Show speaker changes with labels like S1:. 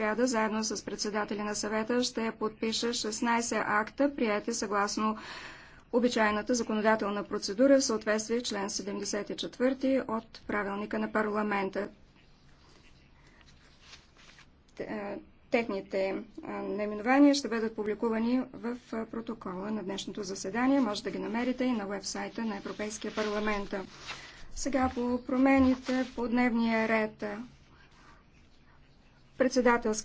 S1: сряда, заедно с председателя на съвета, ще подпише 16 акта, прияти съгласно обичайната законодателна процедура в съответствие с член 74 от правилника на парламента. Техните наименования ще бъдат публикувани в протокола на днешното заседание. Може да ги намерите и на вебсайта на Европейския парламент. Сега по промените по дневния ред председателския